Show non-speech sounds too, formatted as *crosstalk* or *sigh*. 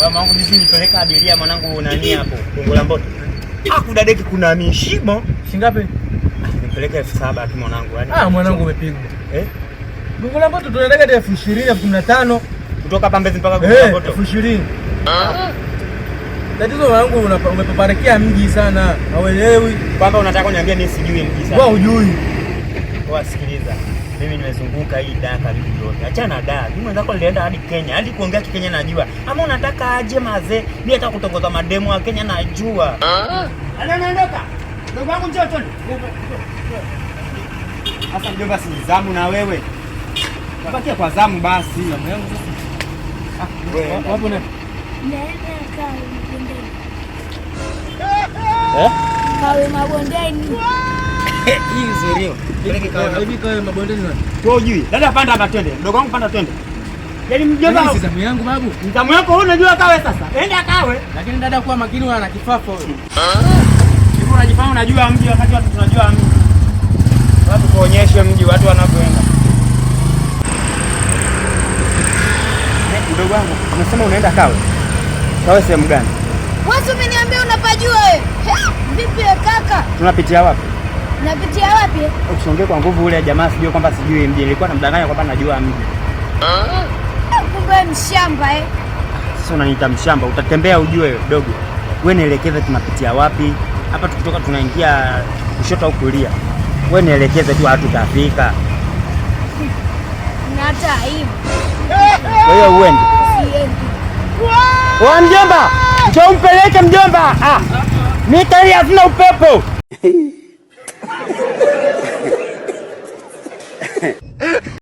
Wewe mwanangu jinsi nilipeleka abiria mwanangu nani hapo? Kungula mbote. Hakudadeki ah, kuna mishimo. Shingapi? Ah, nilipeleka 7000 tu mwanangu yaani Ah, mwanangu umepigwa. Eh? Kungula mbote tunadaka elfu ishirini elfu kumi na tano kutoka hapa Mbezi mpaka Kungula eh, mbote. Elfu ishirini. Tatizo wangu umepaparikia mji sana. Hauelewi. Kwamba unataka kuniambia mimi sijui mji sana. Wewe hujui. Wewe sikiliza mimi nimezunguka hii daa karibu yote, achana daa. Mimi mwenzako nilienda hadi Kenya, hadi kuongea Kikenya najua. Ama unataka aje mazee? Mimi hata kutongoza mademo wa Kenya najua. Ana naondoka ndugu wangu, njoo tu sasa. Mjomba, si zamu na wewe bakia kwa zamu basi. Ah, Wapo na Naenda kwa Eh? kawe mabondeni Ujui dada, panda hapa, twende mdogo wangu, panda twende. Yaani mjomba, si zamu yangu babu. Zamu yako wewe, unajua kawe sasa, enda kawe. Lakini dada, kuwa makini, wana kifafa wewe. unajifanya unajua mji, wakati watu tunajua mji. Watu kuonyeshe mji watu wanapoenda. Mdogo wangu, unasema unaenda kawe? Kawe sehemu gani? Wewe umeniambia unapajua wewe. Vipi kaka? Tunapitia wapi? Napitia wapi? Usiongee kwa nguvu, ule jamaa sijui kwamba sijui mji, nilikuwa namdanganya kwamba najua mji. Ah, kumbe mshamba eh? Sasa unaniita mshamba? Utatembea ujue dogo. Wewe nielekeze tunapitia wapi hapa, tukitoka tunaingia kushoto au kulia? Wewe nielekeze tu, hatutafika. Kwa hiyo uende. Wa mjomba, njoo mjomba. Ah, mitali hazina upepo *laughs* Yeah. *laughs*